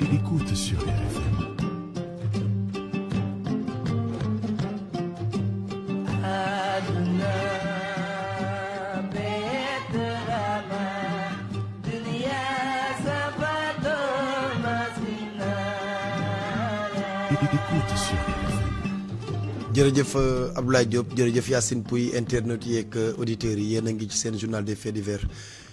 Écoute sur RFM. jërëjëf euh, Abdoulaye Diop jërëjëf Yacine Pouy internet yi ak euh, auditeurs yi yéen a ngi ci seen journal des faits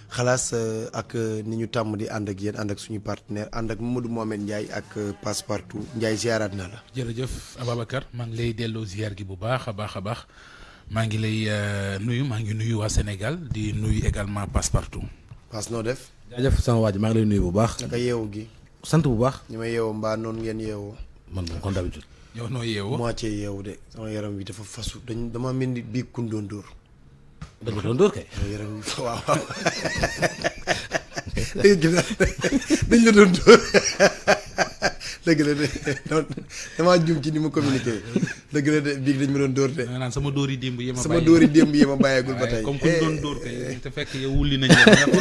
xalaas euh, ak euh, ni ñu tàmm di ànd ak yéen ànd ak suñu partenaire ànd ak Mamadou Mohamed Ndiaye ak euh, Passepartout Ndiaye ziaraat na la. jërëjëf Ababacar maa ngi lay delloo ziar gi bu baax a baax a baax maa ngi lay nuyu maa ngi nuyu waa Sénégal di nuyu également Passepartout. Passe noo def. jaajëf sama waaj maa ngi lay nuyu bu baax. naka yeewu gi. sant bu baax. ñu may yeewoo mbaa noonu ngeen yeewoo. man moom kon d'habitude. yow noo yeewoo moitié yeewu de. sama yaram bi dafa fasu dañ dama mel ni bii kundóondóor dañ ko doon dóor kay. waaw waaw dañ la de damaa juum ci ni mu communiqué dëgg la de dañ ma doon dóor de. maanaam sama dóor yi démb yi ma sama dóor yi démb ba tey. comme fekk yow wulli ñun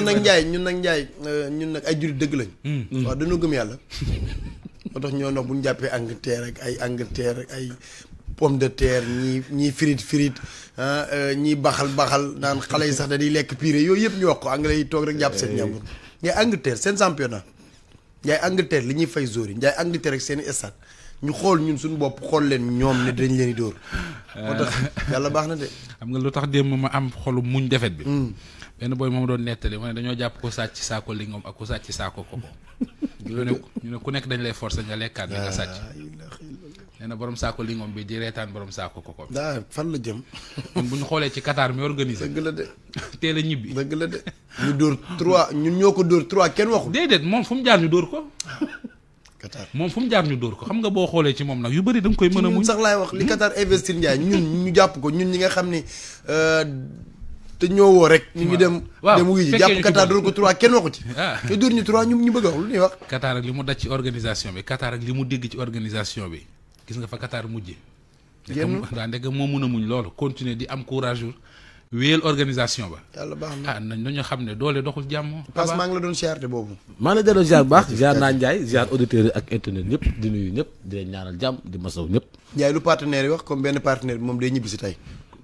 nag Ndiaye ñun nag Ndiaye eh, ñun nag ay jullit dëgg lañ. Mm, mm. waaw dañoo gëm yàlla. moo tax ñoo nag bu ñu jàppee Angleterre ak ay Angleterre ak ay pomme de terre ñii ñii frite frite ah euh, ñii baxal baxal naan xale yi sax dañuy lekk purée yooyu yëpp ñu wax ko anglais yi toog rek jàpp seen ñàmbur. Njaay Angleterre seen championnat Njaay Angleterre li ñuy fay zori Njaay Angleterre ak seen i stade ñu xool ñun suñu bopp xool leen ñoom ne dañ leen di dóor. yàlla baax na de. xam nga lu tax démb ma am xolu muñ defet bi. Mm. benn booy moom doon nettali ma ne dañoo jàpp ko sàcc saako lingom ak ko sàcc saako koko ñu ne ku nekk dañ lay forcer nga lekkaat bi nee na borom saako li bi di reetaan borom saako koko bi. daa fan la jëm. bu ñu xoolee ci Qatar mi organisé. dëgg la de. teel ñibbi dëgg la de. ñu dóor trois ñun ñoo ko dóor trois kenn waxul. déedéet moom fu mu jaar ñu dóor ko. Qatar moom fu mu jaar ñu dóor ko xam nga boo xoolee ci moom nag yu bëri da koy mën a. sax laay wax li Qatar investir Ndiaye ñun ñu jàpp ko ñun ñi nga xam ne. Euh, te ñëwoo rek. ñu ngi dem dem wuyu ji jàpp Qatar dóor ko trois kenn waxu ci. te ah. ñu trois ñu ñu bëgg a wax lu ñuy wax. Qatar li mu daj ci organisation bi Qatar ak li mu dégg ci organisation bi gis nga fa Qatar mujje génn daa ndegam moo mun a muñ loolu continuer di am courage wéyal organisation ba. yàlla baax na ah nañ dañoo xam ne doole doxul jàmm. parce que maa ngi la doon ziar boobu. maa ngi la delloo ziar bu baax ziar naa Ndiaye ziar auditeurs ak internet ñëpp di nuyu ñëpp di leen ñaanal jàmm di masaw ñëpp. Ndiaye lu partenaire yi wax comme benn partenaire bi moom day ñibbi si tey.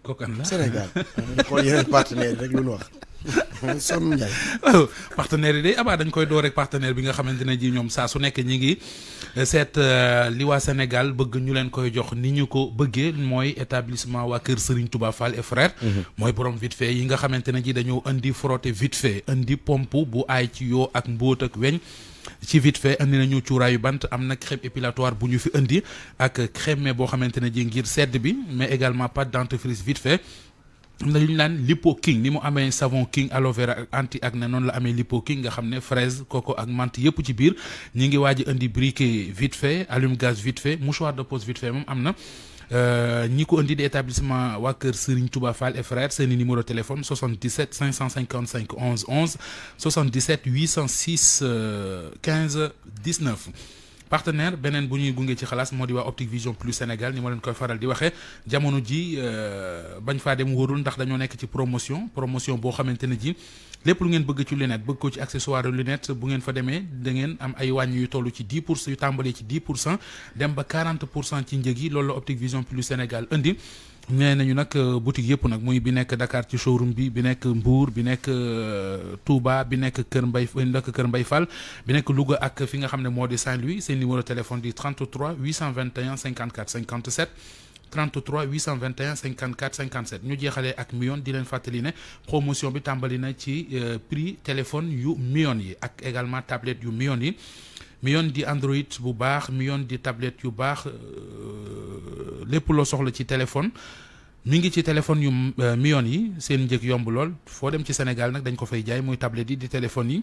kooku an la Sénégal xool yeneen partenaire rek lu ñu wax. sonn Ndiaye. partenaire yi day abaa dañ koy door rek partenaire bi nga xamante ne ji ñoom saa su nekk ñi ngi euh, seet euh, li waa Sénégal bëgg ñu leen koy jox ni ñu ko bëggee mooy établissement waa kër Serigne Touba Fall et mhm. mooy borom vite fait yi nga xamante ne ji dañoo indi frotté vite fait indi pompe bu aay ci yoo ak mbóot ak weñ. ci vite fait indi nañu cuuraayu bant am na crème épilatoire bu ñu fi indi ak crème boo xamante ne ji ngir sedd bi mais également pâte dentifrice vite lañu naan lipo king ni mu amee savon king aloe vera ak anti acné noonu la amee lipo king nga xam ne fraise coco ak menthe yëpp ci biir ñi ngi waaj indi briquet vite fait allume gaz vite fait mouchoir de pose vite fait moom am na euh, ñi ko indi di établissement waa kër Serigne Touba Fall et frère seeni numéro téléphone 77 555 11 11 77 806 15 19 partenaire beneen bu ñuy gunge ci xalaas moo di waa Optique Vision Plus Sénégal ni ma leen koy faral di waxee jamono ji euh, bañ faa dem wóorul ndax dañoo nekk ci promotion promotion boo xamante ne ji lépp lu ngeen bëgg ci lunette bëgg ko ci accessoire lunette bu ngeen fa demee da ngeen am ay wàññi yu toll ci 10 pour cent yu tàmbalee ci cent dem ba 40 pour cent ci njëg yi loolu la Optique Vision Plus Sénégal indi nee nañu nag euh, boutique yëpp nag muy bi nekk Dakar ci showroom bi bi nekk mbuur bi nekk euh, Touba bi nekk Kër Mbay ndëkk Kër Mbay Fall bi nekk Louga ak fi nga xam ne moo di Saint-Louis seen numéro téléphone di 33 821 54 57 33 821 54 57 ñu jeexalee ak million di leen fàttali ne promotion bi tàmbali na ci euh, prix téléphone yu million yi ak également tablet yu million yi mi yoon di Android bu baax mi di tablette yu baax euh, lépp loo soxla ci téléphone mi ngi ci téléphone yu euh, mi yi seen njëg yomb lool foo dem ci Sénégal nag dañ ko fay jaay mooy tablette yi di téléphone yi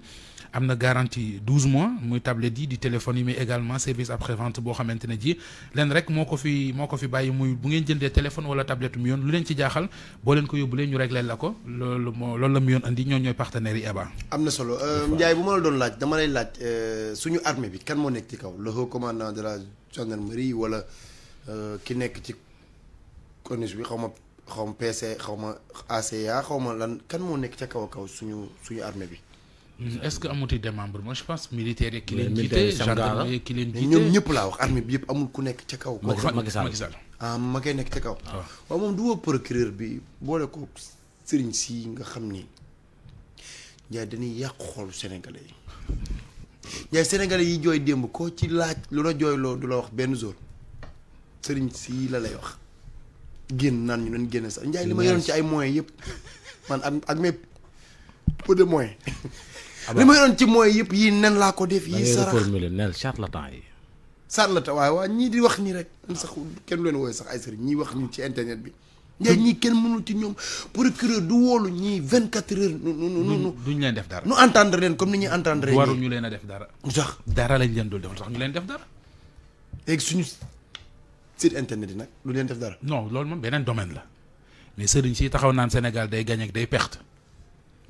am na garantie douze mois muy tablette yi di téléphone yi mais également service après boo xamante ne ji leen rek moo ko fi moo ko fi bàyyi muy bu ngeen jëndee téléphone wala tablette mu yoon lu leen ci jaaxal boo leen ko yóbbulee ñu réglé la ko loolu moo loolu la mu yoon andi ñoo ñooy partenaires yi am na solo euh, Ndiaye bu ma la doon laaj dama lay laaj euh, suñu armée bi kan moo nekk ci kaw le haut commandant de la gendarmerie wala euh, ki nekk ci corniche bi xaw ma xaw ma PC xaw ma ACA xaw ma lan kan moo nekk ca kaw kaw suñu suñu armée bi. est-ce que amuti démembrement je pense militaire yeeg ki leen jiite gendarmerie ñëpp laa wax armée bi yëpp amul ku nekk ca kaw Macky Sall ah ma koy nekk ca kaw ah. waaw moom du woo procureur bi boole ko sëriñ si nga xam ni njaay dañuy yàqu xoolu sénégalais yi njaay sénégalais yi jooy démb ko ci laaj lu la jooyloo du la wax benn zone sëriñ si la lay wax génn naan ñu leen génne sax njaay li ma yoroon ci ay moyens yëpp man ak ak mes de moyens Ah li ma yoroon ci mooy yëpp yii nen laa ko def. yii sarax formule nel charlatan yi. charlatan waaye waa ñii di wax nii rek. sax kenn leen wooye sax ay sëriñ ñii wax nii ci internet bi. ndax ñii kenn mënul ci ñoom procureur du woolu ñii vingt quatre heures. nu nu nu nu duñ leen def dara. nu entendre leen comme ni ñuy entendre. ñii waruñu leen def dara. sax dara lañ leen dul def sax ñu leen def dara. léegi suñu site internet yi nag du leen def dara. non loolu moom beneen domaine la mais sëriñ si taxaw naan Sénégal day gagné ak day perte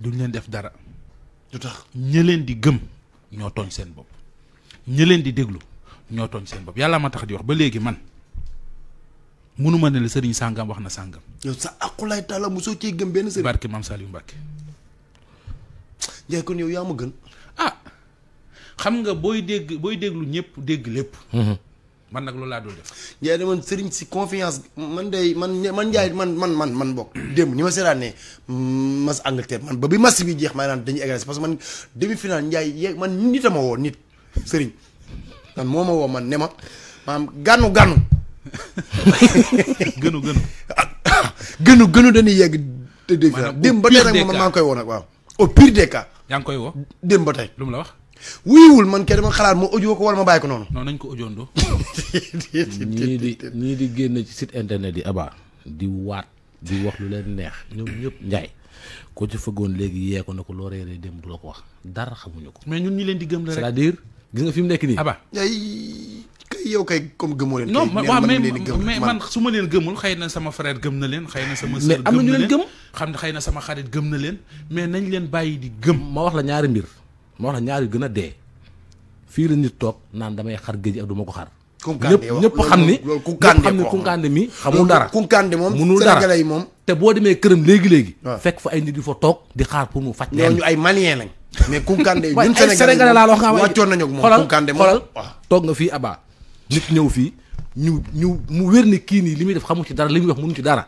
duñ leen def dara. lu tax ñi leen di gëm ñoo tooñ seen bopp ñi leen di déglu ñoo tooñ seen bopp yàlla ma tax di wax ba léegi man munuma ne la sëriñ sàngam wax na sàngam. yow sa aqulay taala mosoo cee gëm benn sëriñ. barke maam Saliou Mbacke. Ndiaye kon yow yaa ma gën. ah xam nga booy dégg booy déglu ñëpp dégg lépp. Mm-hmm. man nag loolu laa doon def. Ndiaye de man sëriñ si confiance man day man man man man man man bokk. démb ni ma seeraanee mm, mas Angleterre man ba bi mas bi jeex maa naan dañuy agressé parce que man demi final Ndiaye yeeg man nit a ma woo nit sëriñ man moo ma woo man ne ma maam gànnu gànnu. gënu gënu. gënu gënu dañuy yegg. te demi démb ba tey rek man maa koy woon nag waaw. au pire des cas. yaa ngi koy woo démb ba tey lu la wax. wuyuwul man kenn dama xalaat ma audio ko wala ma bàyyi ko noonu. non nañ ko audioondoo. ñii di ñii di génn ci site internet yi Aba di waat di wax lu leen neex ñoom ñëpp njaay ko ci fëggoon léegi yee ko na ko loo reeree dem du la ko wax dara xamuñu ko. mais ñun ñi leen di gëm la rek c'est-à-dire gis nga fi mu nekk nii. Aba ay kay yow kay comme gëmoo leen. non mais man su ma leen gëmul xëy na sama frère gëm na leen. xëy na sama sœur leen am na xam ne xëy na sama xarit gëm na leen mais nañ leen bàyyi di gëm. ma wax la ñaari mbir moo tax ñaar yu gën a dee fii la nit toog naan damay xar géej ak duma ko xar. Kunkande wax ñëpp xam ni ñëpp xam ni Kunkande mi xamul dara Kunkande moom munul dara sénégalais yi moom. te boo demee këram léegi léegi. fekk fa ay nit yu fa toog di xaar pour mu faj. leen ñu ay malien lañ. mais Kunkande yi ñun sénégalais laa la wax nga wàccoon nañu ak moom Kunkande moom xoolal toog nga fii Aba. nit ñëw fii ñu ñu mu wér ni kii nii li muy def xamul ci dara li muy wax mënu ci dara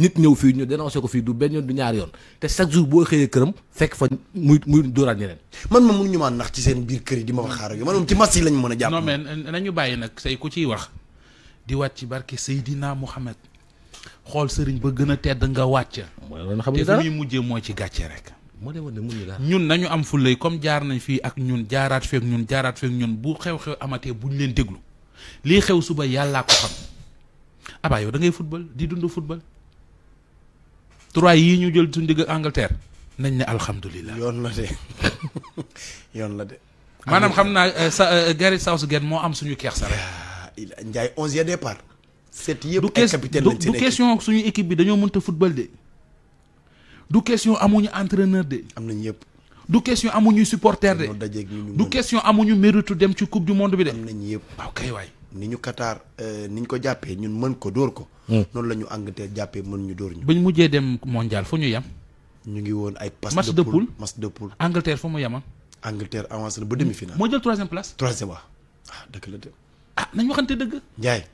nit ñëw fii ñu dénoncé ko fii du benn yoon du ñaar yoon te chaque jour boo xëyee këram fekk fa muy muy dóoraat ñeneen. man ma mënuñu maa nax ci seen biir kër yi di ma fa xaar ak yow man moom ci mas yi lañ mën a jàpp. non mais nañu bàyyi nag say ku ciy wax di wàcc ci barke Seydina Mouhamed xool sëriñ ba gën a tedd nga wàcc. mooy loolu xam ne te muy mujjee mooy ci gàcce rek. moo demoon ne mënuñu daal ñun nañu am fulay comme jaar nañ fii ak ñun jaaraat feek ñun jaaraat feek ñun bu xew-xew amatee buñ leen déglu lii xew suba yàllaa ko xam abaa yow da ngay football di dund football trois yi ñu jël suñu digg Angleterre nañ ne alhamdulilah. yoon la yoon la de. maanaam xam naa euh, sa euh, Gareth Southgate moo am suñu keex sa rek. Ndiaye onze ya départ. set yëpp ay capitaine lañ du question suñu équipe bi dañoo mënta football de. du question amuñu entreneur de. am nañ yëpp. du question amuñu supporter de. du question amuñu méritu dem ci coupe du monde bi de. am nañ yëpp waaw waay. ni ñu Qatar euh, ni ñu ko jàppee ñun mën ko dóor ko. Hmm. noonu la ñu Angleterre jàppee mën ñu dóor ñu. ba ñu mujjee dem mondial foo ñu yem. ñu ngi woon ay. passe de poule match de poule. Angleterre fu mu yemoon. Ah? Angleterre avancé na ba demi finale. moo jël troisième place. troisième waaw ah dëgg la de. ah nañ waxante dëgg. Ndiaye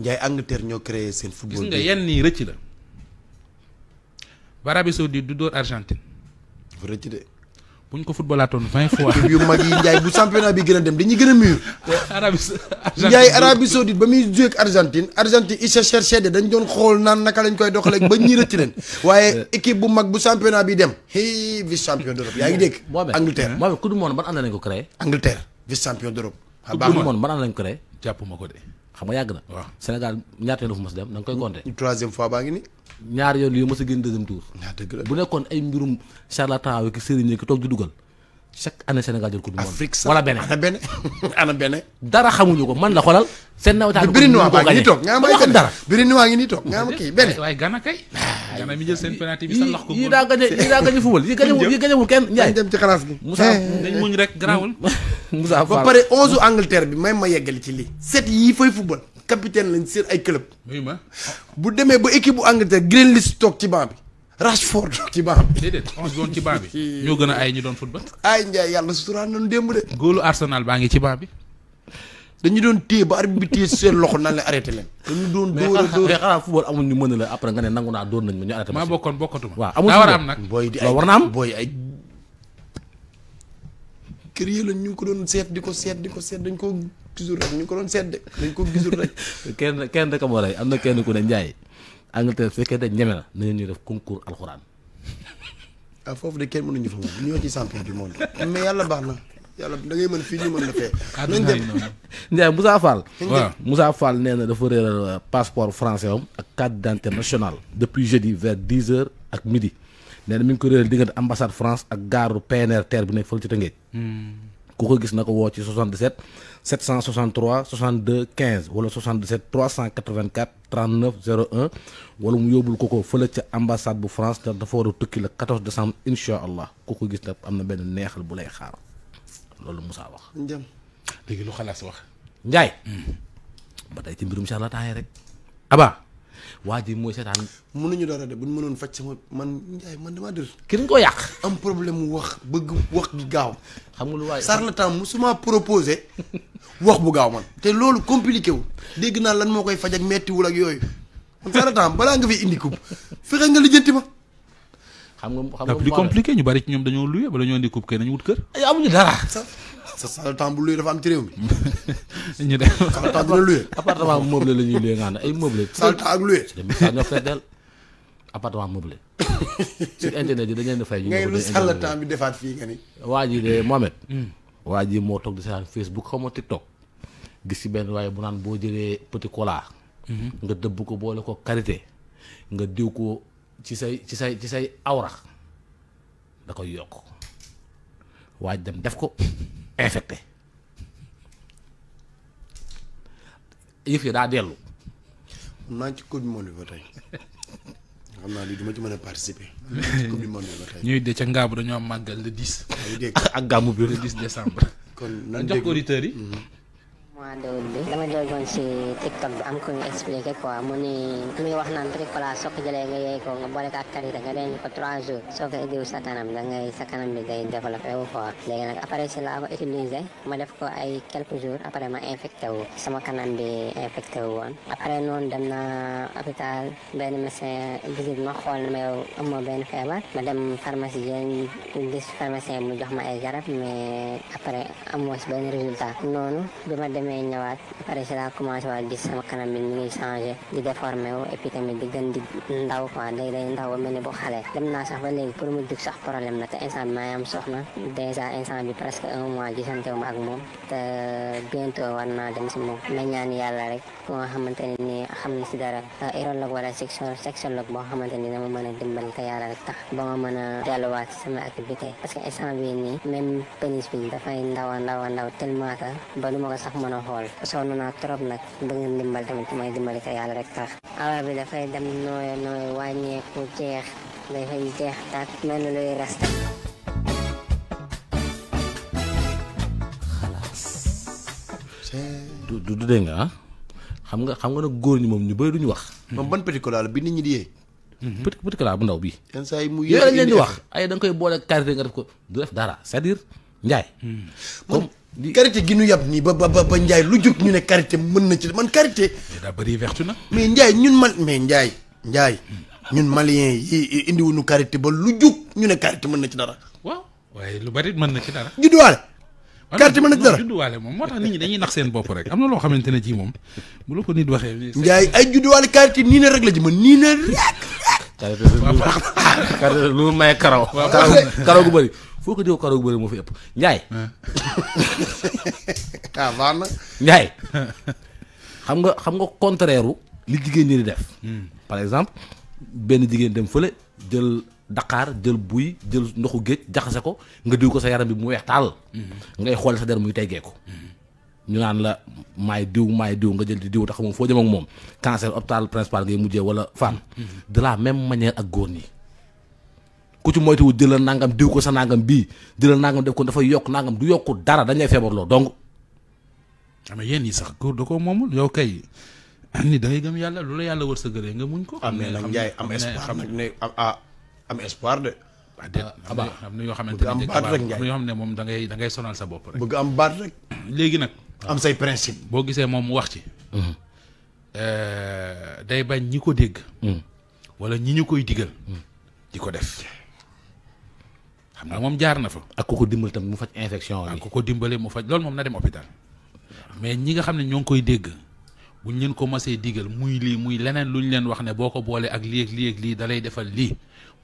Ndiaye Angleterre ñoo créé seen. football gis nga yenn nii rëcc la. Arabie Saoudite du dóor Argentine. rëcc de. bu ñu ko footballaatoon vingt fois. yu mag yi Ndiaye bu championnat bi gën a dem dañuy gën a mûr. te Arabie Ndiaye ba muy joué ak Argentine Argentine Issacher Chedde dañ doon xool naan naka lañ koy doxalee ba ñi rëcc leen waaye euh. équipe bu mag bu championnat bi dem hey vice champion d'Europe yaa ngi dégg. Angleterre Mohamed Coupe du monde ban année lañ ko créé. Angleterre vice champion d'Europe. Coupe du monde ban année lañ ko créé. jàppuma ko de. xam nga yàgg na. waaw Sénégal ñaata yoon fu mos dem da nga koy compter. troisième fois baa ngi ni. ñaar yoon yu mos a génn deuxième tour. Ah, bu nekkoon ay mbirum charlatan ki sëriñ ki toog di dugal chaque année Sénégal jël coupe du monde. Afrique sax wala beneen ana beneen ana ko man la xolal. seen seen penalty daa gañe yii daa gañe fubal yii gañewul yii gañewul kenn Ndiaye. dañ dem ci xalaas gi. Moussa dañ muñ rek garaawul Moussa Fall ba pare onze Angleterre bi may ma yeggali ci lii. set yii fay football capitaine lañ seen ay club. bu demee ba équipe bu Angleterre Grealish toog ci banc bi. Rashford toog ci banc bi. déedéet onze doon ci banc bi. ñoo gën a ay ñu doon football. ay Ndiaye yàlla suturaan nañu démb de. góolu Arsenal baa ngi ci bi. dañu doon la arrêté a dóor mais xanaa football amul ñu mën a la après nga ne nangu naa dóor nañ ma ñu arrêté. maa bokkoon bokkatuma. waaw amul daa a am di na am booy ay. kër yi lañ ñu ngi ko doon seet di ko seet di ko seet dañ ko gisul rek ñu ngi ko doon seet de dañ ko gisul rek. kenn kenn rek moo rey am na kenn ku ne Ndiaye Angleterre su fekkee dañ ñeme na nañu ñuy def concours alxuraan. ah foofu de kenn mënuñu fa moom ñoo ci champion du monde mais yàlla baax na yàlla da ngay mën fii ñu mën la fee. nañ dem Ndiaye Moussa Fall. waaw Moussa Fall nee na dafa réeral passeport français am ak carte d'identité nationale. depuis jeudi vers dix heures ak midi. nee na mi ngi ko réeral diggante ambassade France ak gaaru PNR terre bi nekk fële ci Tëngéej. Hmm. ku ko gis na ko woo ci 77 763 62 15 wala 77 384 39 01 wala mu yóbbul ko ko fële ca ambassade bu France ndax dafa war a tukki le 14 décembre incha allah ku ko gis nag am na benn neexal bu lay xaar loolu musaa wax. Ndiame léegi lu xalaas wax. Ndiaye. Hmm. ba tey ci mbirum charlatan yi waa ji mooy seetaan. mënuñu dara de bu ñu mënoon faj sama man Ndiaye man damaa dër. kenn ko yàq. am problème mu wax bëgg wax gi gaaw. xam nga lu waay charlatan musuma proposé wax bu gaaw man. te loolu compliqué wu dégg naa lan moo koy faj ak mettiwul ak yooyu man charlatan balaa nga fi indi ko fexe nga lijjanti ma. xam nga xam nga plus compliqué ñu bari ci ñoom dañoo luye ba dañoo indi coupe kay nañu wut kër. ay amuñu dara. sa salle temps bu luy dafa am ci réew mi. ñu dem salle temps dina luye. appartement bu meublé la ñuy luye nga xam ne ay meublé. salle temps ak luye. su internet yi dañ leen di fay. ñu ngay lu salle bi defaat fii nga ni. waa ji de Mohamed. Hmm. waa ji moo togg di seetaan Facebook xaw ma TikTok. gis ci benn waaye bu naan boo jëlee petit cola. Hmm. nga dëbb ko boole ko karité. nga diw ko ci say ci say ci say awra da koy yokk waaj dem def ko infecté yëf yi daa dellu. naa ci coupe du monde bi ba tey xam naa lii duma ci mën a participer. coupe de ca ngaabu dañoo am màggal le 10. ak gàmmu bi le 10 décembre. kon nan jox auditeurs yi. Mhm. mois d'août bi dama déggoon si tiktok bi am ku ñu expliqué quoi mu ni muy wax naan bricolage soo ko jëlee nga yeey ko nga boole ko ak nga denc ko trois jours soo ko diw sa kanam da ngay sa kanam bi na développé wu quoi léegi nag si laa ko utilisé ma def ko ay quelques jours après ma infecté wu sama kanam bi infecté wu woon après dem na hôpital benn médecin visite ma xool na ma yow amoo benn feebar ma dem pharmacie yéen gis pharmacien mu jox ma ay garab mais après amoo si benn résultat may si laa commencé waat gis sama kanam bi mi ngi changé di déformé wu di gën ndaw quoi day day ndaw bu xale dem naa sax ba léegi pour mu jug sax problème la te instant bi maa ngi am soxna dèjà bi presque un mois gisante wu ma ak moom te bientôt war naa dem si moom ma ñaan yàlla rek ku nga xamante ne nii xam na si dara euh, urologue wala sexo sexologue boo xamante ni dama mën a dimbali te yàlla rek tax ba ma mën a delluwaat sama activité parce que instant bi nii même pénis a a sax mën mën a xool sonn naa trop nag bëgg ndimbal tamit mooy dimbali ko yàlla rek tax awa bi dafay dem nooyo nooyo wàññeeku jeex dafay jeex tàkk mel luy rasta xalaas du du nga ah? xam nga xam nga nag góor ñi moom ñu bëri duñu wax hmm. moom ban petit cola la bi nit ñi di yee hmm. petit petit bu ndaw bi yenn saa koy boole karité nga def ko du def dara cest Njaay. karité gi nu yab nii ba ba ba Ndiaye lu jub ñu ne karité mën na ci man karité. daa bëri vertu na. mais Ndiaye ñun man mais Ndiaye Ndiaye ñun malien yi indiwuñu karité ba lu jub ñu ne karité mën na ci dara. waaw waaye lu bari mën na ci dara. judduwaale. karité mën na ci dara judduwaale moom moo tax nit ñi dañuy nax seen bopp rek am na loo xamante ne ci moom bu la ko nit waxee. Ndiaye ay judduwaale karité nii na rek la ji mën nii na rek. karité lu may karaw. karaw karaw gu bëri. foo ko diw karaw bëri moo fi ëpp Ndiaye. ah baax na. Ndiaye xam nga xam nga contraire li jigéen ñi di def. Hmm. par exemple benn jigéen dem fële jël daqaar jël buy jël ndoxu géej jaxase ko nga diw ko sa yaram bi mu weex taal. Hmm. ngay xool sa der muy teggee ko. Hmm. ñu naan la maay diw maay diw nga jël di diw tax moom foo jëm ak moom cancer hôpital principal ngay mujjee wala femme. de la même manière ak góor ñi. ku ci moytuwul di la nangam diw ko sa nangam bii di la nangam def kon dafay yokk nangam du yokku dara dañ lay feebarloo donc. Ah, yéen yi sax góor da koo moomul yow kay ni da ngay gëm yàlla lu la yàlla wërsëgalee nga muñ ko. am na nag am espoir xam ne ah am espoir de. ah déet ah, am na yoo xamante ne yoo xam ne moom dangay ngay sonal sa bopp rek. bëgg am baat rek. léegi nag. am say principe. boo gisee moom mu wax ci. Mm-hmm. Euh, day bañ ñi ko dégg. Mm-hmm. wala ñi ñu koy digal. Mm-hmm. di ko def. xam nga moom jaar na fa. ak ku ko dimbali tam mu faj infection ak ku ko dimbale mu faj loolu moom na dem hôpital. mais ñi nga xam ne ñoo ngi koy dégg buñ leen ko masee digal muy lii muy leneen lu ñu leen wax ne boo ko boolee ak lii ak lii ak lii dalay defal lii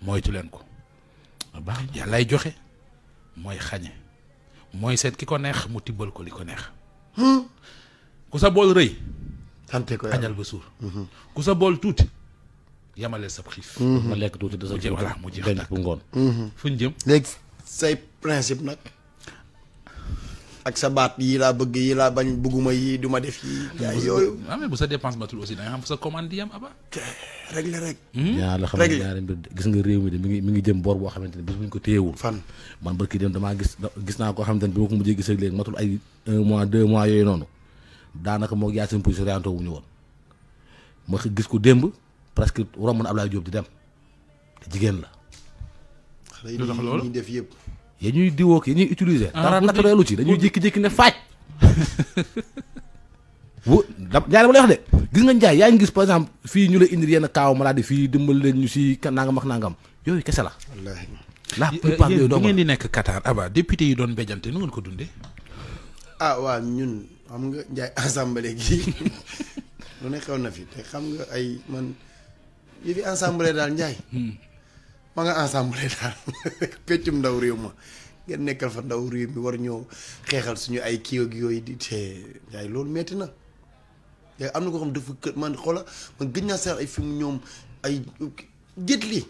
moytu leen ko. Ah, baax yàllaay joxe mooy xañe mooy seet ki ko neex mu tibbal ko li ko neex. ku sa bool rëy. sante ko añal ba suur. Mm-hmm. ku sa bool tuuti. yamaleel sa xiif. nga mhm. lekk tuuti des a tuuti voilà mu jeex nag mhm. ñu jëm. léegi say principe nag. ak sa baat yii laa bëgg yi laa bañ bëgguma yii du ma def yii. yaay yooyu ah bu sa dépense matul aussi da nga xam sa commande yi am aba. rek hmm? la la xam ne ñaari mbir gis nga réew mi de mi ngi mi ngi jëm boor boo xamante ne bis bu ñu ko téyewul. fan man barki dem damaa gis gis naa koo xam ne bi ma ko mujjee gis ak léegi matul ay un mois deux mois yooyu noonu daanaka moo yaa seen position orienté wu ñu woon ma gis ko démb. presque romb na Ablaye Diop di dem jigéen la. xale yi ñuy def yëpp. ya ñuy diwoo ki ya ñuy utiliser. Ah, dara naturelu ci dañuy jékki-jékki ne faaj. bu da Ndiaye dama lay wax de gis nga Ndiaye yaa ngi gis par exemple fii ñu la indil yenn kaaw maladie fii dimbali leen ñu si nangam ak nangam yooyu kese la. wallaahi la yooyu doo ah, nga Ndiaye assemblée gi lu ne xew na fi te xam nga ay man. yi fi ensemble daal njaay hmm. ma nga ensemble daal peccum ndaw réew ma ngeen nekkal fa ndaw réew mi war ñoo xeexal suñu ay kii ak yooyu di te njaay loolu metti na yaa am na ko xam dafa kër man xoola man gëj naa seet ay film ñoom ay jët li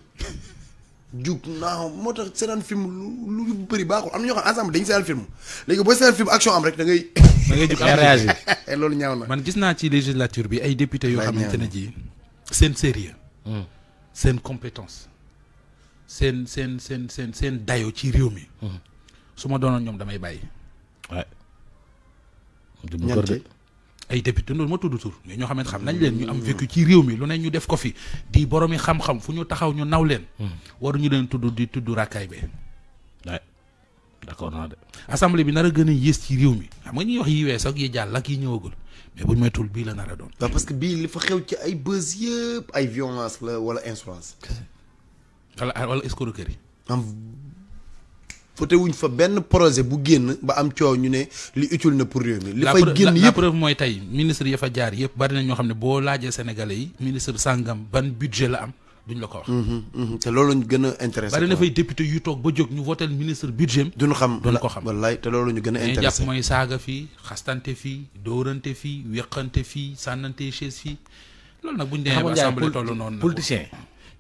jug naaw moo tax seetaan film lu lu bëri baaxul am na ñoo xam ensemble léegi boo seetaan film action am rek da ngay da ngay jug réagir loolu ñaaw na man gis naa ci législature bi ay député yoo xamante ne ji seen sérieux Hmm. seen compétence seen seen seen seen seen dayo ci réew mi hmm. su ma doonoon ñoom damay bàyyi waay ay député loolu ma tudd tur ñoo xamante xam nañ leen ñu am hmm. vécu ci réew mi lu ne ñu def ko fi di boromi xam-xam fu ñu taxaw ñu naw leen ñu leen tudd di tudd ràkkaay be waay d'accord naa de assemblée bi nar a gën a yées ci réew mi xam nga ñuy wax yi wees ak yi jàll ak yi ñëwagul mais buñ moytuwul bii la nara a doon. waaw parce que bii li fa xew ci ay buzz yëpp ay violence la wala insolence. wala ah, wala escroquerie. am fote wuñ fa benn projet bu génn ba am coow ñu ne li utile na pour réew mi. li fay génn yëpp mooy tey ministre ya fa jaar yëpp bari na ñoo xam ne boo laajee sénégalais yi. ministre sàngam ban budget la am. duñ la ko wax. Mhm, mhm. te loolu lañ gën a intéressé. bari na fay député yu toog ba jóg ñu votel ministre budget am. duñ xam duñ ko xam wallaay te loolu ñu gën a. intéressé jàpp mooy saaga fii xastante fii dóorante fii weqante fii sànnante chaise fii loolu nag buñ demee ba assemblée tollu noonu. politicien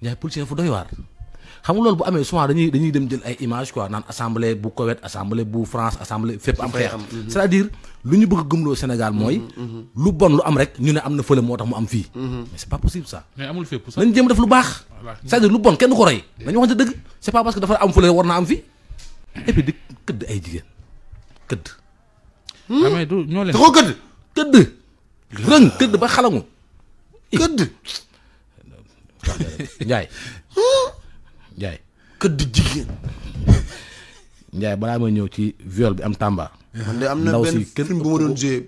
Ndiaye politicien xam nga loolu bu amee souvent dañuy dañuy dem jël ay image quoi naan assemblée bu Koweït assemblée bu France assemblée fépp am xeex mhm. c'est-à-dire. lu ñu bëgg gëmloo Sénégal mooy. Mm-hmm, mm-hmm. lu bon lu am rek ñu ne am na fële moo tax mu am fii. Mm-hmm. mais c'est pas possible nañ jéem def lu baax. cest à lu bon kenn du ko roy. nañu waxante dëgg c'est pas parce que dafa am fële war këdd ay jigéen këdd. Hmm? amee ah, du ñoo leen da koo këdd. këdd rëng këdd ba xalangu. këdd. Ndiaye hmm? Ndiaye këdd jigéen Ndiaye balaa may ñëw ci viol bi am Tamba. man de am na benn film bu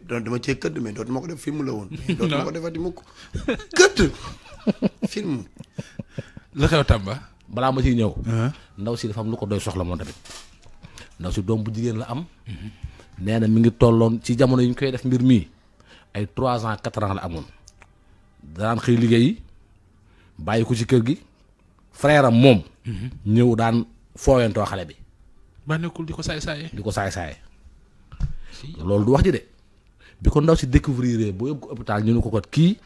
dama cee këdd mais dootuma ko def film la woon. dootuma ko defati mukk balaa ma ciy ñëw. ndaw si defam am lu ko doy soxla moom tamit. ndaw si doom bu jigéen la am. Mhm. nee na mi ngi tolloon ci jamono yi ñu koy def mbir mii ay trois ans quatre ans la amoon. daan xëy liggéey bàyyi ko ci kër gi. frère moom. Mhm. ñëw daan fooyantoo xale bi. ba nekkul di ko saay saaye. di ko saay saaye. loolu du wax ji de bi ko ndaw si découvrir boo yóbbu ko ñu ne ko kat kii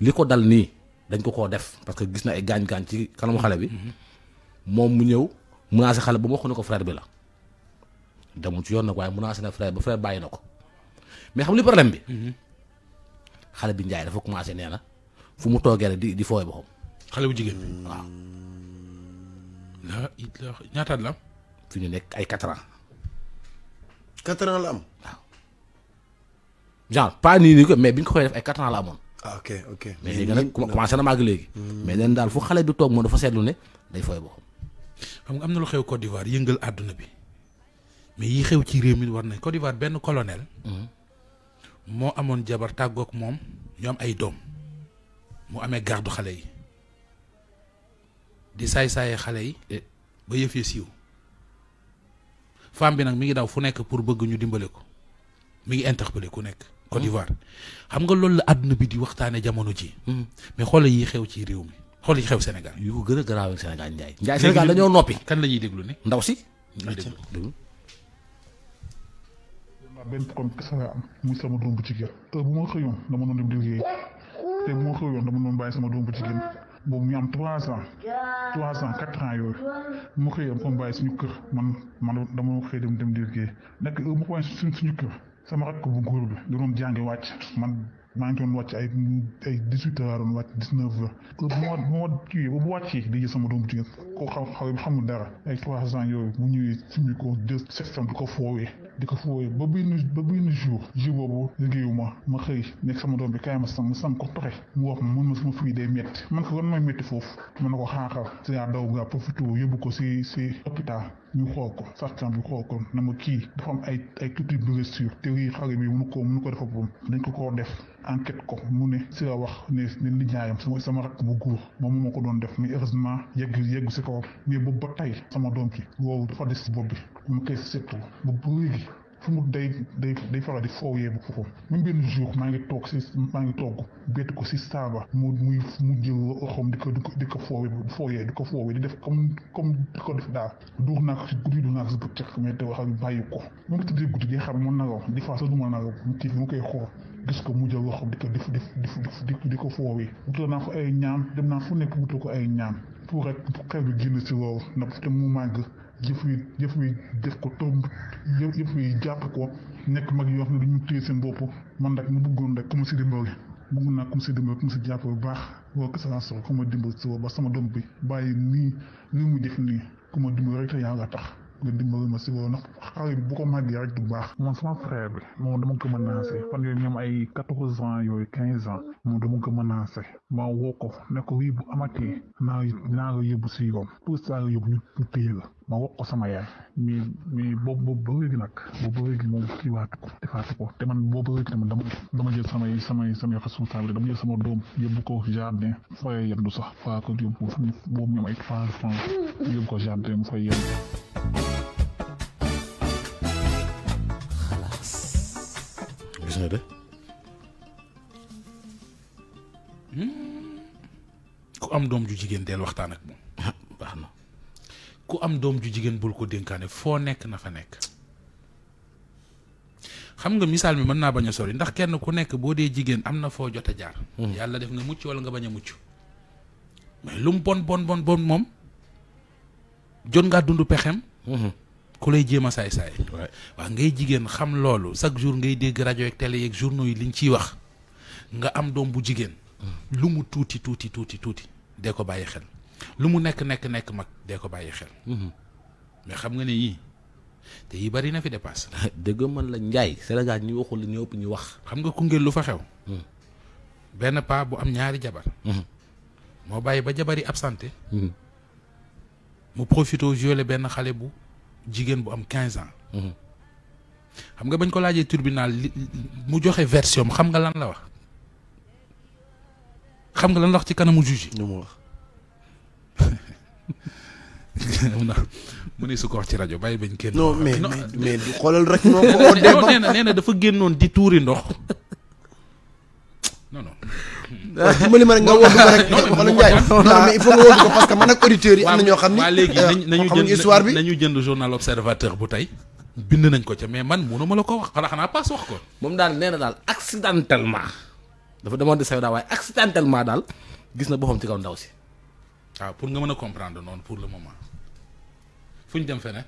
li ko dal nii dañ ko koo def parce que gis na ay gaañ-gaañ ci kanamu xale bi moom mu ñëw menacé xale ba mu wax ne ko frère bi la demul ci yoon nag waaye menacé na frère ba frère bàyyi na ko mais xam li problème bi mhm. xale bi njaay dafa commencé nee na fu mu toogee rek di di fooy boppam xale bu jigéen bi waaw la la am ñu nekk ay quatre quatre ans la am. waaw genre nii nii mais bi ñu ko koy def ay quatre ans la amoon. ah ok ok mais léegi nag commencé na màgg léegi. Hmm. mais leen daal fu xale bi toog moom dafa seetlu ne day fooy boppam. xam nga am na lu xew Côte d'Ivoire yëngal àdduna bi mais yi xew ci réew mi war nañ Côte d'Ivoire benn colonel. Hmm. moo amoon jabar tàggook moom ñu am ay doom mu amee gardu xale yi di saay saaye xale yi. Eh. ba yëf siiw. femme bi nag mi ngi daw fu nekk pour bëgg ñu dimbale ko mi ngi interpellé ku nekk. Côte mm. d'Ivoire xam nga loolu la àdduna bi di waxtaanee jamono ji. Mm. mais xoolal yi xew ci réew mi xoolal yi xew senegal yu gën a garaaw senegal njaay Ndiaye. Ndiaye dañoo noppi. kan la ñuy déglu ne ndaw si. benn problème kese laa am muy sama doom bu jigéen. bu te bu ma xëyoon dama doon bàyyi sama doom bu jigéen. boobu ñu am trois ans trois ans quatre ans yooyu mu xëyoon fa mu bàyyi suñu kër man man dama xëy dem dem di liggéey nekk euh, mu ko bàyyi suñ suñu kër sama rakk bu góor bi da doon jàngi wàcc man maa ngi doon wàcc ay ay dix huit heures doon wàcc dix neuf heures bu ma bu ma kii bu wàccee di jël sama doom jigéen ko xaw xaw xamul dara ay trois ans yooyu bu ñëwee suñu ko jël section bi ko foowee di ko fooyee ba benn ba benn jour jour boobu liggéeyuma ma xëy nekk sama doom bi kaay ma sam ma sam ko toxe mu wax ma mun ma sama fii day métti man ko wan may foofu mën na ko xaaxal si laa daw gaa profité yóbbu ko si si hôpital ñu xool ko sartan bi xool ko na ma kii dafa ay ay tuuti blessure te lii xale bi mënu ko mënu ko def boppam dañ ko koo def enquête ko mu ne si la wax ne lijaayam sama sama rakk bu guur moom moo ma ko doon def mais heureusement yegg yeggu si kawam mais boobu ba tey sama doom ci wow dafa des si bopp bi moom kay surtout bu bruit bi fu mu day day day faral di foowee bu ko même benn jour maa ngi toog si maa ngi togg bett ko si saaba mu muy mu jël waxam di ko di ko di ko foowee foowee di ko foowee di def comme comme di ko def daal duur naa ko si guddi duur naa ko si bëccëg mais te wax bàyyi ko même tëddee guddi day xam mu nagaw di faa sax du ma nagaw mu tiif mu koy xool gis ko mu jël waxam di ko def def di di ko foowee wutal naa ko ay ñaam dem naa fu nekk wutal ko ay ñaam pour rek pour xel bi génn si wow ndax te mu màgg jëf yi jëf yi def ko toog jëf yi jàpp ko nekk mag yoo xam ne dañu téye seen bopp man rek mu bëggoon rek ku si dimbali bëgg naa ku ma si dimbali ku ma si jàpp bu baax wala que ça soit ku ma dimbali si ba sama doom bi bàyyi nii li mu def nii ku ma dimbali rek te yàlla tax. nga dimbali ma si boobu ndax xale bi bu baax man sama frère bi moom dama ko menacé fan yooyu ñoom ay quatorze ans yooyu quinze ans moom dama ko menacé ma woo ko ne ko bu amatee naa naa la yóbbu si yoon pour saa la yóbbu ñu ma wax ko sama yaay mais mais boobu ba léegi nag boobu ba léegi moom kiiwaatu ko defaatu ko te man boobu ba léegi tamit dama dama jël samay samay samay responsabilité dama jël sama doom yóbbu ko jardin fay yendu sax faa ko yóbbu boobu ñoom ay trois ans yóbbu ko jardin mu fay yendu xalaas hmm. ku am doom ju jigéen deel waxtaan ak moom ah, na ku am doom ju jigéen bul ko dénkaane foo nekk na fa nekk xam nga misaal mi mën naa bañ a sori ndax kenn ku nekk boo dee jigéen am na foo jot a jaar. Hmm. yàlla def nga mucc wala nga bañ a mucc. mais lu bon bon bon bon moom jot ngaa dund pexem Mhm. ku lay jéem a saay-saay waaw ngay jigéen xam loolu chaque jour ngay dégg rajo ak télé yeeg journaux yi liñ ciy wax nga am doom bu jigéen mhm. lu mu tuuti tuuti tuuti tuuti dee ko bàyyi xel lu mu nekk nekk nekk mag dee ko bàyyi xel mhm. mais xam nga ne yii te yi bari na fi dépasse dëgg man la njaay Sénégal ñi waxul ñi ëpp ñu wax xam nga Koungheul lu fa xew benn paa bu am ñaari jabar moo bàyyi ba jabar yi mu profité violé benn xale bu jigéen bu am 15 ans. Mhm. xam nga bañ ko laajee tribunal li mu joxe version xam nga lan la wax xam nga lan la wax ci kanamu juge yi. mu wax. mu ne su ko wax ci rajo bàyyi bañ kenn. non mais mais xoolal rek. non nee na nee dafa génnoon di tuuri ndox non non. waaw dimbali ma rek nga wóor ko rek. wala Ndiaye non mais il faut nga wóor ko parce que man ak auditeurs yi. am na ñoo xam ni waaw léegi euh, nañu jënd histoire bi nañu jënd journal observateur bu tey. bind nañ ko ca mais man mënuma la ko wax xanaa xanaa paas wax ko. moom daal nee na daal accidentellement dafa demoon di saw daal waaye accidentellement daal gis na boppam ci kaw ndaw si. waaw pour nga mën a comprendre noonu pour le moment fu ñu dem feneen.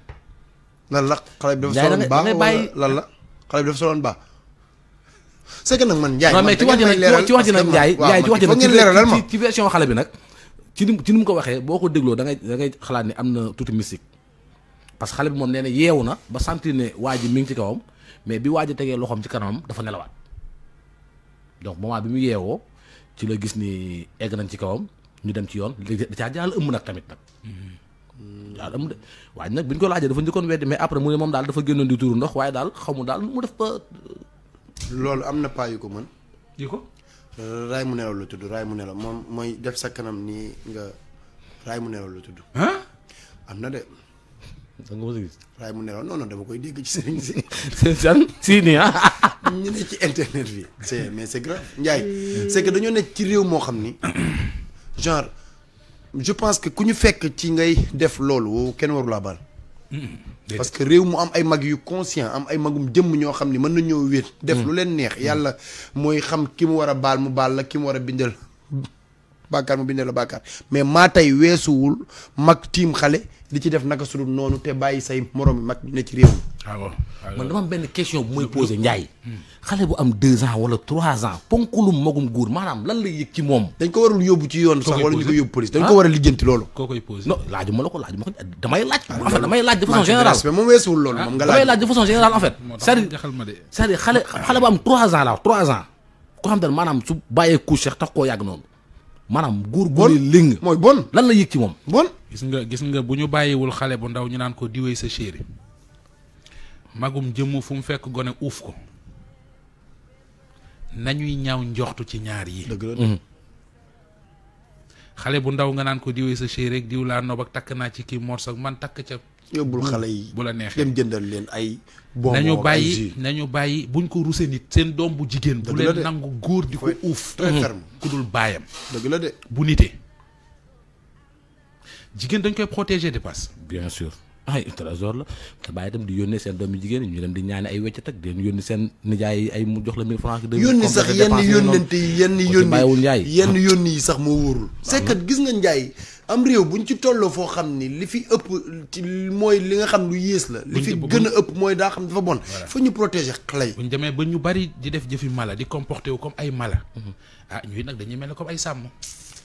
lan la xale bi dafa soloon baax lan la xale bi dafa soloon baax. c'est que nag man Ndiaye non mais ci wax ji nag ci wax ji nag Ndiaye Ndiaye ci wax ji nag ci ko waxee boo ko dégloo dangay ngay da ngay xalaat ni am na tuuti mystique parce que xale bi moom nee na yeewu na ba sentir ne waa mi ngi ci kawam mais bi waa ji tegee loxoom ci kanamam dafa nelawaat donc moment bi mu yeewoo ci la gis ni egg nañ ci kawam ñu dem ci yoon da caa jàll ëmb tamit nag daal mm-hmm. amul dafa njëkkoon weddi mais après mu moom daal dafa génnoon waaye daal xamu daal mu def loolu am na paa yu ko mën. yu ko. raay mu nelaw la tudd raay mu nelaw moom mooy def sa kanam nii nga raay mu nelaw la tudd. am na de. da nga ko gis. raay mu nelaw non dama koy dégg ci sëriñ si. seen ah. ñu ne ci internet bi. c'est mais c'est grave Ndiaye. c'est que dañoo nekk ci réew moo xam ni genre je pense que ku ñu fekk ci ngay def loolu kenn warulaa baal. parce que réew mu am ay mag yu conscient am ay magum jëmm ñoo xam ni mën nañoo wéet. def mm. lu leen neex yàlla mooy xam ki mu war a baal mu baal la ki mu war a bindal. bàkkaar mu bindee la bàkkaar mais maa tey weesuwul mag tiim xale di ci def naka sudul noonu te bàyyi say morom yi mag ne ci réew mi ah ah man dama am benn question bu may posé Ndiaye hmm. xale bu am deux ans wala trois ans ponkulum magum góor maanaam lan la yëg ci moom dañ ko warul yóbbu ci yoon sax wala ñu ko yóbbu police dañ ko ah? war a lijjanti loolu koo koy posé non laaju ma la ko laaju ma ko damay laaj en fait damay laaj de façon générale moom weesuwul loolu moom nga laaj damay laaj de façon générale en fait c'est-à-dire xale xale bu am trois ans la trois ans ko xam ne maanaam su bàyyee couche sax tax koo yàgg noonu maanaam góor gu ne ling mooy bon lan la yëg ci moom bon gis nga gis nga bu ñu bàyyiwul xale bu ndaw ñu naan ko diwee sa chéri magum jëmm fu mu fekk gone uuf ko nañuy ñaw njoxtu ci ñaar yi dëgg la xale bu ndaw nga naan ko diwee sa chéri rek diw laa noob ak takk naa ci kii mors man takk ca. yóbbul xale yi bu la neexee dem jëndal leen ay. bon nañu bàyyi nañu bàyyi buñ ko rusee nit seen doom bu jigéen. bu leen nangu góor di ko uuf. ku dul baayam. dëgg la bu nitee jigéen dañ koy protéger de passes. bien sûr. Ah, ay trésor la te bàyyi itam di yónnee seen doomi jigéen ñu leen di ñaani ay weccat ak di yónni seen nijaay ay mu jox la 1000 francs yónni sax yenn yónnante yi yenn yónni yenn yónni yi sax moo wóorul c'est que gis nga njaay am réew buñ ci tolloo foo xam ni li fi ëpp ci mooy li nga xam lu yées la li fi gën a ëpp mooy daa xam dafa bon fa ñu protéger xale yi buñ demee ba ñu bari di def jëfi mala di comporté wu comme ay mala ah ñuy nag dañuy mel ne comme ay sàmm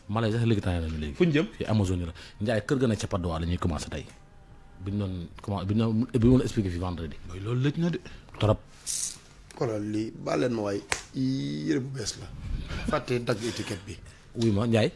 mala yi sax léegi tàyyi nañu léegi fuñ jëm fi Amazonie la njaay kër gën a cappaduwaa la ñuy commencé tey bi ñu doon comment bi ñu doon expliqué fi vendredi. mooy loolu lëj na de. trop. xoolal lii baal leen ma waay yére bu bees la. fàtte dagg étiquette bi. wuy ma Ndiaye.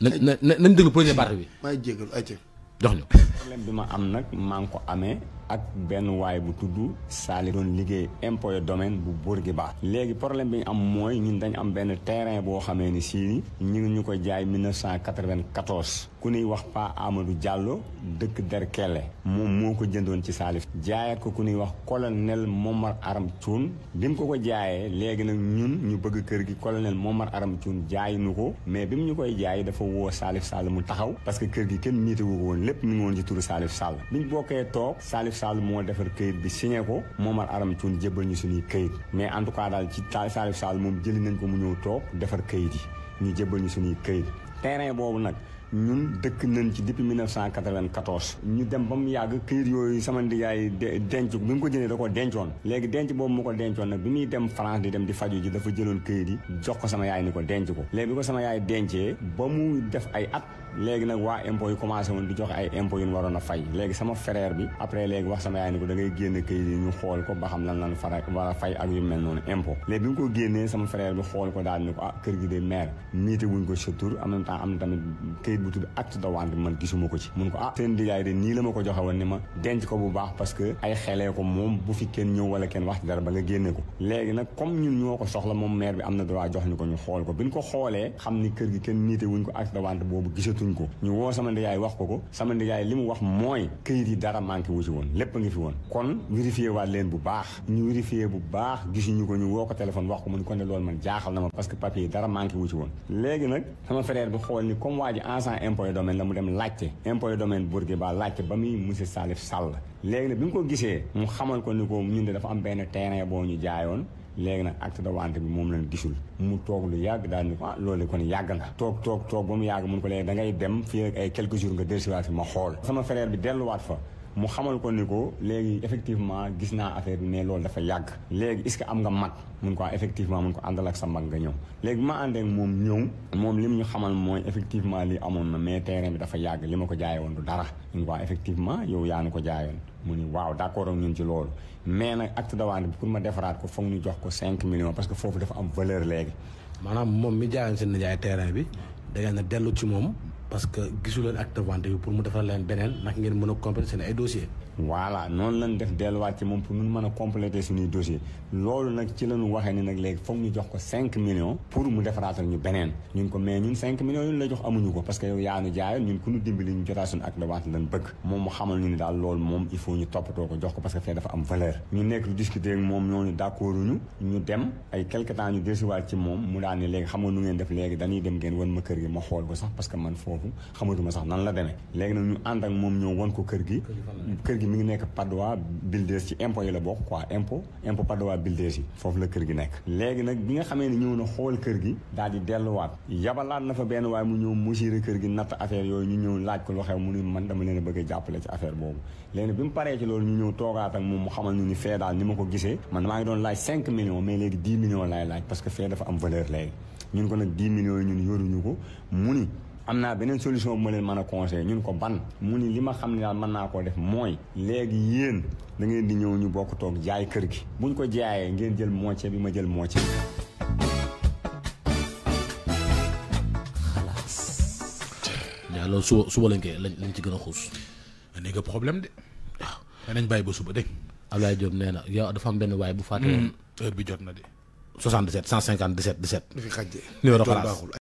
na na nañ déglu premier partie bi. maa ngi jégalu ayca. jox ñu. problème bi ma am nag maa ngi ko amee. ak benn waay bu tudd Saali doon liggéey impôt et domaine bu Bourguiba léegi problème bi ñu am mooy ñun dañ am benn terrain boo xamee ni sii ñu ngi ñu ko jaay 1994 ku ñuy wax Pa Amadou Diallo dëkk Derkele moom moo ko jëndoon ci Salif jaayaat ko ku ñuy wax colonel Momar Aram Thioune bi mu ko ko jaayee léegi nag ñun ñu bëgg kër gi colonel Momar Aram Thioune jaay nu ko mais bi mu ñu koy jaay dafa woo Salif Sall mu taxaw parce que kër gi kenn miite wu ko woon lépp mi ngi woon ci turu Salif Sall biñ bokkee toog Salif Salif Sall moo defar këyit bi signé ko Momar Aram Thioune jébbal ñu suñuy këyit mais en tout cas daal ci Salif Sall moom jëli nañ ko mu ñëw toog defar këyit yi ñu jébbal ñu suñuy këyit terrain boobu nag ñun dëkk nañ ci cent depuis 1994 ñu dem ba mu yàgg këyit yooyu sama ndigaay denc bi mu ko jëlee da ko dencoon léegi denc boobu mu ko dencoon nag bi muy dem France di dem di faju ji dafa jëloon këyit yi jox ko sama yaay ni ko denc ko léegi bi ko sama yaay dencee ba mu def ay at léegi nag waa impôt yi commencé woon di joxe ay impôt yu ñu waroon a fay léegi sama frère bi après léegi wax sama yaay ni ko da ngay ko a fay ak yu mel noonu impôt léegi bi nga ko génnee ko daal ni ko ah, ko sa tur en même temps am na tamit bu ko ci mun ko ah seen digaay nii la ma ko joxe woon ni ma denc ko bu baax parce que ay xelee ko moom bu fi kenn ñëw wala kenn wax ci dara ba nga génne ko léegi nag comme ñun ñoo ko soxla moom maire bi am na droit jox ñu ko ñu xool ko bi ñu ko xoolee xam ni kër gi kenn niite wuñ ko acte de boobu gisatu ñu ko ñu woo sama ndiyaay wax ko ko sama ndiyaay li mu wax mooy këyit yi dara manqué wu ci woon lépp a ngi fi woon kon vérifié waat leen bu baax ñu vérifié bu baax gisuñu ko ñu woo ko téléphone wax ko mu ni ko ne loolu man jaaxal na ma parce que papier dara manqué wu ci woon léegi nag sama frère bi xool ni comme waa ji agent impôt domaine la mu dem laajte impôt domaine Bourguiba laajte ba muy monsieur Salif Sall léegi nag bi mu ko gisee mu xamal ko ni ko ñun de dafa am benn terrain boo ñu jaayoon léegi nag acte de wante bi moom la lañ gisul mu toog lu yàgg daal ni ko ah loolu kon yàgg na toog toog toog ba mu yàgg mun ko léegi da ngay dem fii ay quelques jours nga dellusiwaat fi ma xool sama frère bi delluwaat fa mu xamal ko ni ko léegi effectivement gis naa affaire bi ne loolu dafa yàgg léegi est-ce am nga mag mun ko effectivement mun ko àndal ak sa mag nga ñëw léegi ma àndee ak moom ñëw moom lim ñu xamal mooy effectivement li amoon na mais terrain bi dafa yàgg li ma ko jaaye woon du dara mun ko effectivement yow yaa nu ko jaayoon mu ni waaw d'accord ak ñun ci loolu mais nag acte de vente bi pour ma defaraat ko foog ñu jox ko 5 millions parce que foofu dafa am valeur léegi maanaam moom mi jaayoon seen nijaay terrain bi da ngeen a dellu ci moom parce que gisu leen acte de vente pour mu defal leen beneen nag ngeen mën a compléter seen ay dossier voilà noonu lañ def delluwaat ci moom pour ñu mën a compléter suñuy dossier loolu nag ci lañu waxee ni nag léegi foog ñu jox ko 5 millions pour mu defaraatal ñu beneen ñun ko mais ñun 5 millions yun la jox amuñu ko parce que yow yaanu jaayoon ñun ku ñu dimbali ñu jotaa suñu ak devant lañ bëgg moom mu xamal ñu ni daal loolu moom il faut ñu toppatoo ko jox ko parce que fee dafa am valeur ñu nekk lu discuter ak moom ñooñu d'accord ñu ñu dem ay ci moom mu daal ne léegi xam nu ngeen def léegi dañuy dem ngeen wan ma kër gi ma xool ko sax parce que man foofu xamatuma nan la demee léegi nag ñu ànd ak moom ñoo ko kër gi gi ngi nekk Padoa Builders ci impôt yi la bokk quoi impôt impôt Padoa Builders yi foofu la kër gi nekk léegi nag bi nga xamee ne ñëw na xool kër gi daal di delluwaat yabalaat na fa benn waaye mu ñëw mesure kër gi natt affaire yooyu ñu ñëw laaj ko lu xew mu ne man dama leen a jàppale ci affaire boobu léegi bi mu paree ci loolu ñu ñëw toogaat ak moom mu xamal ñu ni fee daal ni ma ko gisee man maa ngi doon laaj 5 millions mais léegi 10 millions laay laaj parce que fee dafa am valeur léegi ñun ko nag 10 millions mu am naa beneen solution bu ma leen mën a conseillé ñun ko ban mu ni li ma xam ne daal mën naa koo def mooy léegi yéen da ngeen di ñëw ñu bokk toog jaay kër gi bu buñ ko jaayee ngeen jël moitié bi ma jël moitié bi loolu suba suba lañ koy lañ ci gën a xuus ne nga problème de waaw ah. danañ eh, bàyyi ba suba dégg Ablaye Diop nee na yow dafa am benn waay bu fàtte woon hmm. heure bi jot na de 77 157 17 17 numéro xalaas